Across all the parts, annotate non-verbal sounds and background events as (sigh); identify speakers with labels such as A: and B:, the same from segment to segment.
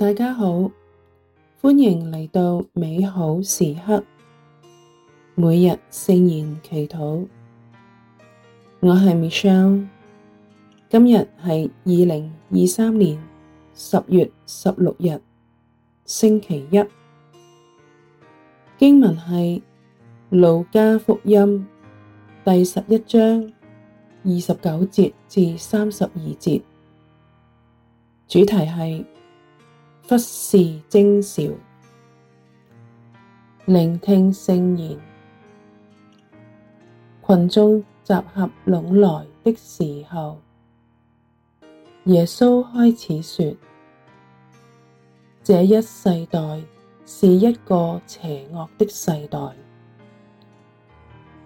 A: 大家好，歡迎嚟到美好時刻，每日聖言祈禱。我係 Michelle，今日係二零二三年十月十六日，星期一。經文係《路加福音》第十一章二十九節至三十二節，主題係，忽視徵兆，聆聽聖言，群眾集合攏來的時候，耶穌開始說：這一世代是一個邪惡的世代。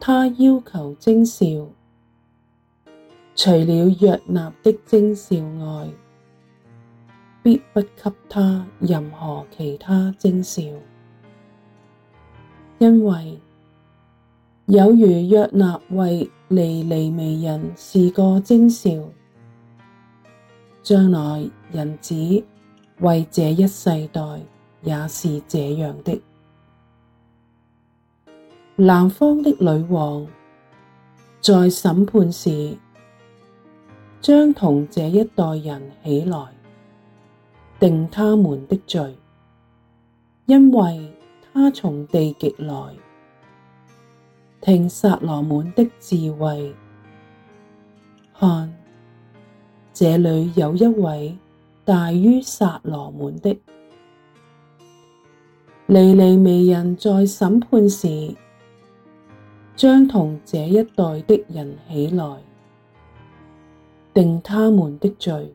A: 他要求徵兆，除了約納的徵兆外，必不給他任何其他徵兆，因為有如約納為尼尼微人是個徵兆，將來人子為這一世代也是這樣的。南方的女王在審判時，將同這一代人起來。定他們的罪，因為他從地極來，聽撒羅滿的智慧。看，這裏有一位大於撒羅滿的！尼尼微人在審判時，將同這一代的人起來，定他們的罪。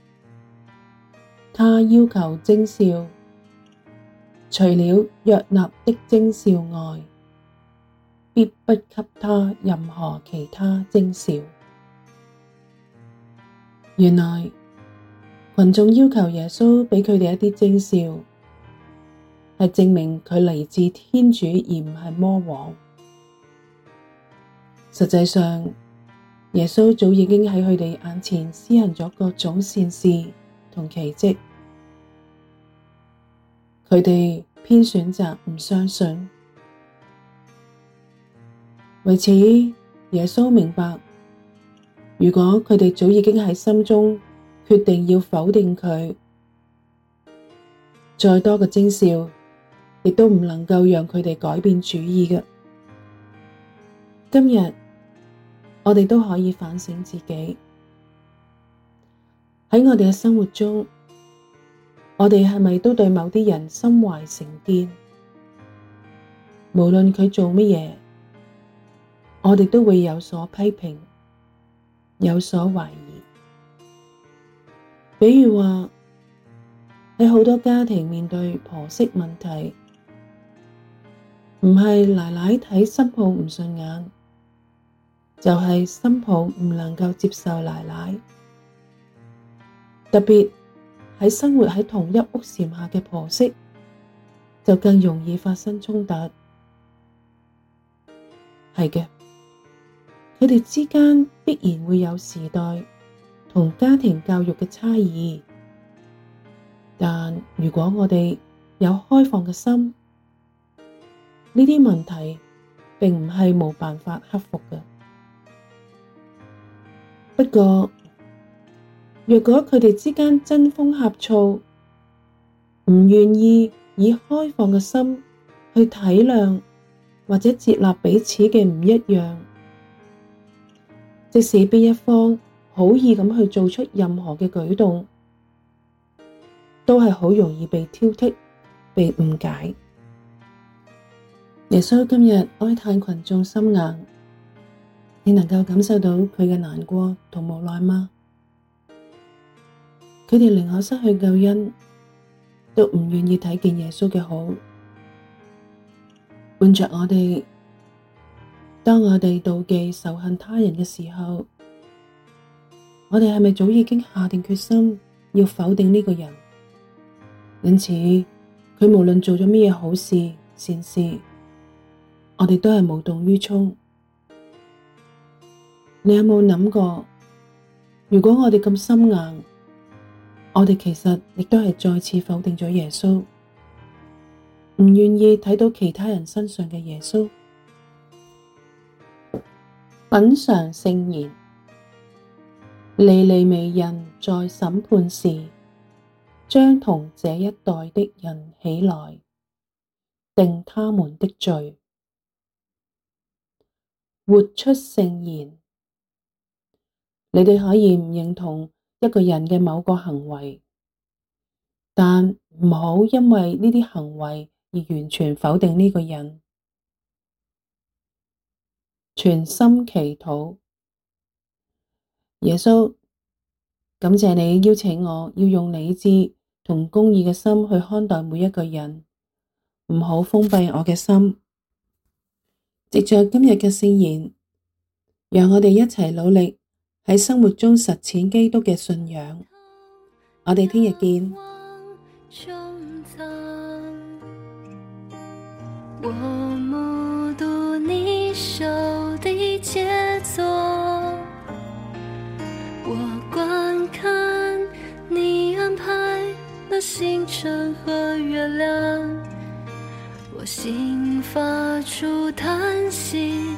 A: 他要求徵兆，除了約納的徵兆外，必不給他任何其他徵兆。原來群眾要求耶穌俾佢哋一啲徵兆，係證明佢嚟自天主而唔係魔王。實際上，耶穌早已經喺佢哋眼前施行咗各種善事。同奇蹟，佢哋偏選擇唔相信。為此，耶穌明白，如果佢哋早已經喺心中決定要否定佢，再多嘅徵兆，亦都唔能夠讓佢哋改變主意嘅。今日我哋都可以反省自己。喺我哋嘅生活中，我哋係咪都對某啲人心懷成見？無論佢做乜嘢，我哋都會有所批評，有所懷疑。比如話，喺好多家庭面對婆媳問題，唔係奶奶睇新抱唔順眼，就係新抱唔能夠接受奶奶。特別喺生活喺同一屋檐下嘅婆媳，就更容易發生衝突。係嘅，佢哋之間必然會有時代同家庭教育嘅差異。但如果我哋有開放嘅心，呢啲問題並唔係冇辦法克服嘅。不過，如果佢哋之間爭風呷醋，唔願意以開放嘅心去體諒或者接納彼此嘅唔一樣，即使邊一方好意咁去做出任何嘅舉動，都係好容易被挑剔、被誤解。耶穌今日哀嘆群眾心硬，你能夠感受到佢嘅難過同無奈嗎？佢哋寧可失去救恩，都唔願意睇見耶穌嘅好。換着我哋，當我哋妒忌、仇恨他人嘅時候，我哋係咪早已經下定決心要否定呢個人？因此，佢無論做咗乜嘢好事、善事，我哋都係無動於衷。你有冇諗過，如果我哋咁心硬？我哋其實亦都係再次否定咗耶穌，唔願意睇到其他人身上嘅耶穌。品嚐聖言，尼尼微人在審判時，將同這一代的人起來，定他們的罪。活出聖言，你哋可以唔認同，一個人嘅某個行為，但唔好因為呢啲行為而完全否定呢個人。全心祈禱，耶穌，感謝你邀請我，要用理智同公義嘅心去看待每一個人，唔好封閉我嘅心。藉着今日嘅聖言，讓我哋一齊努力。喺生活中實踐基督嘅信仰，我哋聽日見。
B: 我目睹你手嘅傑作，我觀看你安排嘅星辰同月亮，我心發出嘆息。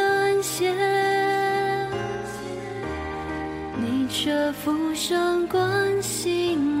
B: 你卻俯身關心。我。 (noise)